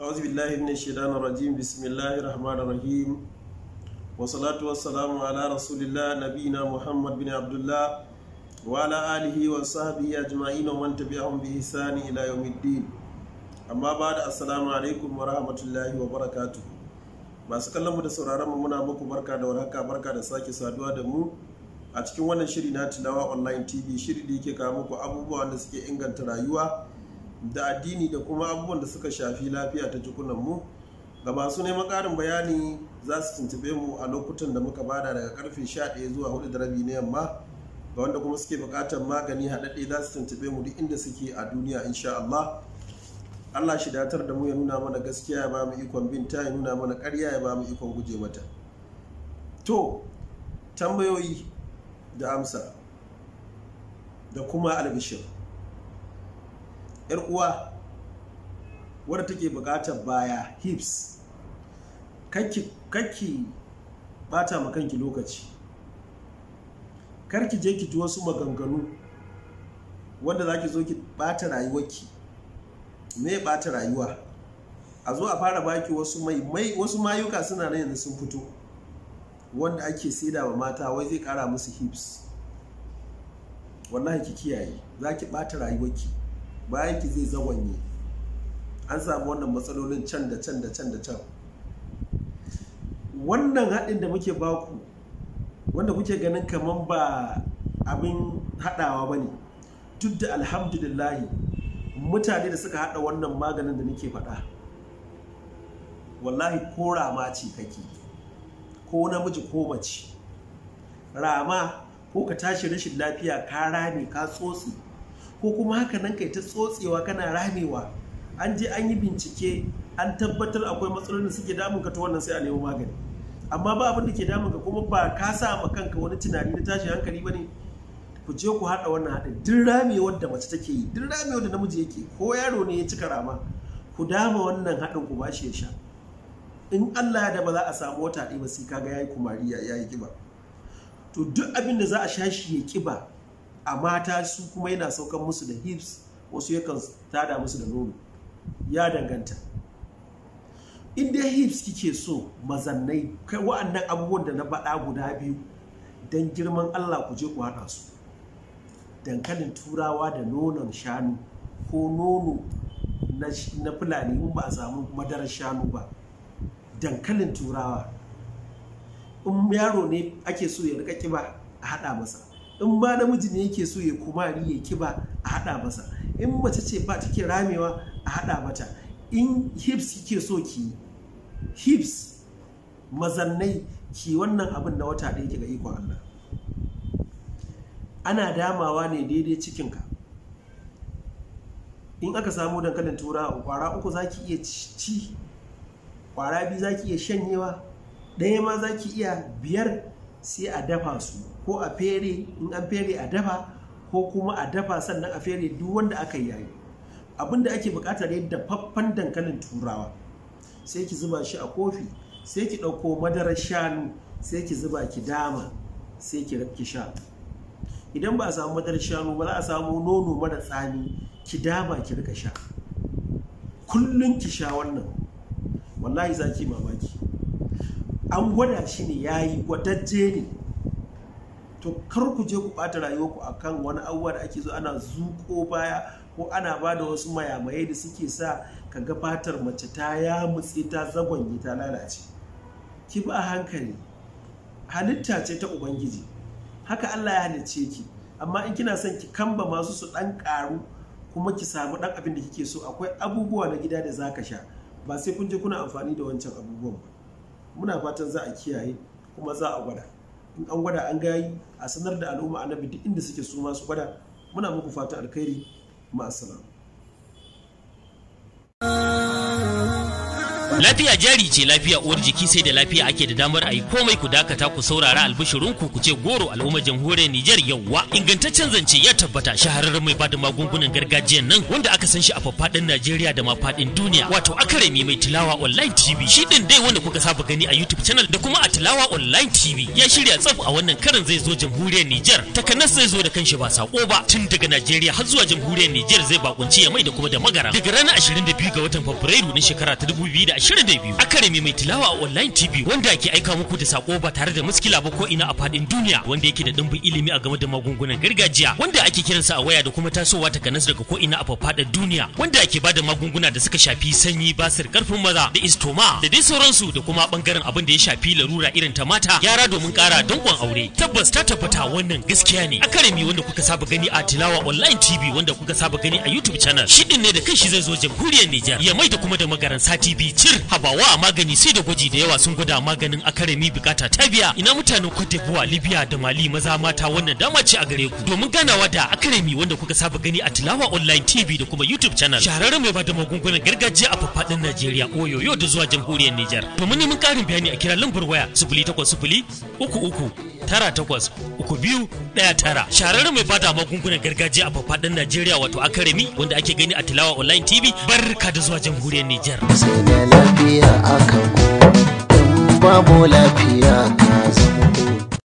أعوذ بالله من الشيطان الرجيم بسم الله الرحمن الرحيم والصلاة والسلام على رسول الله نبينا محمد بن عبد الله وعلى آله وصحبه أجمعين ومن تبعهم بإحسان إلى يوم الدين amma ba da assalamu alaikum wa rahmatullahi wa barakatu masu kallon mu da sauraron mu muna muku barka da warhaka barka da sake saduwa da mu a cikin wannan shiri na tilawa online tv shiri da yake kawo muku abubuwa da suke inganta rayuwa da addini da kuma abubuwan da suka shafi lafiya ta mu ga masu neman ƙarin bayani za su tuntube mu a lokutan da muka bada daga karfe 11 zuwa 4 da rabi na yamma ga wanda kuma suke buƙatar magani haɗaɗɗe za su tuntube mu duk inda suke a duniya insha Allah Allah shi datar da mu ya nuna mana gaskiya ya ba mu ikon bin ta ya nuna mana ƙarya ya ba mu ikon guje mata to tambayoyi da amsa da kuma albishir yar uwa wadda take bukatar baya hips kaki kakki bata ma kanki lokaci karki je ki ji wasu maganganu wanda ki zo ki bata rayuwarki me bata rayuwa a zo a fara baki wasu mai mai wasu mayuka suna nan yanzu sun fito wanda ake saida wa mata wai zai kara musu hips wallahi ki kiyaye Za zaki bata rayuwarki bayan ki zai zawanye an samu wannan matsalolin can da can da can da can wannan haɗin da muke baku wanda kuke ganin kamar ba abin haɗawa ba ne duk da alhamdulillahi mutane da suka haɗa wannan maganin da nake faɗa wallahi ko rama ce kake ko namiji ko mace rama ko ka tashi rashin lafiya ka rame ka tsotsi ko kuma haka nan kai ta tsotsewa kana ramewa an je an yi bincike an tabbatar akwai matsalolin da suke damun ka ta wannan sai a nemo magani amma ba abin da ke damun ka kuma ba ka sa ma kanka wani tunani na tashi hankali bane ku je ku haɗa wannan haɗin duk ramewar da mace take yi duk ramewar da namiji yake ko yaro ne ya cika rama ku dama wannan haɗin ku bashi ya sha in Allah da ba za a samu wata ɗaya ba sai kaga yayi kumariya yayi kiba to duk abin da za a sha shi ya kiba a mata su kuma yana saukan musu da hips wasu yakan tada musu da nono ya danganta inda hips kike so mazannai kai wa'annan abubuwan da na baɗa guda biyu don girman Allah ku je ku haɗa su dankalin turawa da nonon shanu ko nono na fulani in ba a samu madarar shanu ba dankalin turawa in yaro ne ake so ya rika kiba a haɗa masa in ma namiji ne yake so ya kumari ya kiba a haɗa masa in mace ce ba take ramewa a haɗa mata in hips ke so ki hips mazannai ki wannan abin na wata ɗaya ga ikon Allah ana damawa ne daidai cikinka in aka samu dankalin tura kwara uku za ki iya ci kwara biyu za ki iya shanyewa ɗaya ma za ki iya biyar sai a dafa su ko a fere in an fere a dafa ko kuma a dafa sannan a fere duk wanda aka yi yayi abin da ake bukatar ne dafaffen dankalin turawa sai ki zuba shi a kofi sai ki ɗauko madarar shanu sai ki zuba ki dama sai ki rabki sha idan ba a samu madarar shanu ba za a samu nono mara tsami ki dama ki rika sha kullum ki sha wannan wallahi zaki ki mamaki an gwada shi ne ya yi gwadaje ne to kar ku je ku ɓata rayuwarku a kan wani abubuwa da ake zo ana zuko baya ko ana ba da wasu mayamaye da suke sa ka ga fatar mace ta ya mutse ta zagon ta lalace ki ba hankali halitta ce ta ubangiji haka allah ya halice ki amma in kina son ki kamba masu su dan karu kuma ki samu dan abin da kike so akwai abubuwa na gida da zaka sha ba sai kun je kuna amfani da wancan abubuwan ba muna fatan za a kiyaye kuma za a gwada in an gwada an gayi a sanar da al'umma annabi duk inda suke su masu gwada muna muku fatan alkhairi ma'assalam Lafiya jari ce lafiya uwar jiki sai da lafiya ake da damar a yi komai ku dakata ku saurara albishirinku ku ce goro al'umma jamhuriyar Nijar yauwa. Ingantaccen zance ya tabbata shahararren mai bada magungunan gargajiyan nan wanda aka san shi a faffaɗin Najeriya da faɗin duniya wato akaremi mai tilawa online TV shi din dai wanda kuka saba gani a YouTube channel da kuma a tilawa online TV ya shirya tsaf a wannan karin zai zo jamhuriyar Nijar takanas zai zo da kanshi ba sako ba tun daga Najeriya har zuwa jamhuriyar Nijar zai bakunci ya mai da kuma da magara daga ranar biyu ga watan Fabrairu na shekara ta 2020 da biyu akaremi mai tilawa a online tv wanda ake aika muku da sako ba tare da muskila ba ko ina a fadin duniya wanda yake da dimbin ilimi a game da magungunan gargajiya wanda ake kiransa a waya da kuma tasowa ta kanas daga ko ina a fadin duniya wanda ake bada magunguna da suka shafi sanyi basir karfin maza da istoma da dai sauransu da kuma bangaren abin da ya shafi larura irin ta mata yara domin kara dangon aure tabbas ta tabbata wannan gaskiya ne akaremi wanda kuka saba gani a tilawa online tv wanda kuka saba gani a youtube channel shi ne da kanshi zai zo jamhuriyar Nijar ya mai da kuma da magaran sati biyu jir habawa a magani sai da gwaji da yawa sun gwada maganin akaremi bukata ta biya ina mutanen Cote d'Ivoire Libya da Mali maza mata wannan dama ce a gare ku domin ganawa da akaremi wanda kuka saba gani a Tilawa Online TV da kuma YouTube channel shahararren mai bada magungunan gargajiya a faɗin Najeriya Oyoyo da zuwa jamhuriyar Nijar domin neman ƙarin bayani a kira lambar waya sifili uku uku tara takwas uku biyu ɗaya tara shahararren mai fata magungunan gargajiya a faɗin Najeriya wato akaremi wanda ake gani a Tilawa Online TV barka da zuwa jamhuriyar Nijar. Sai lafiya akan babu lafiya ka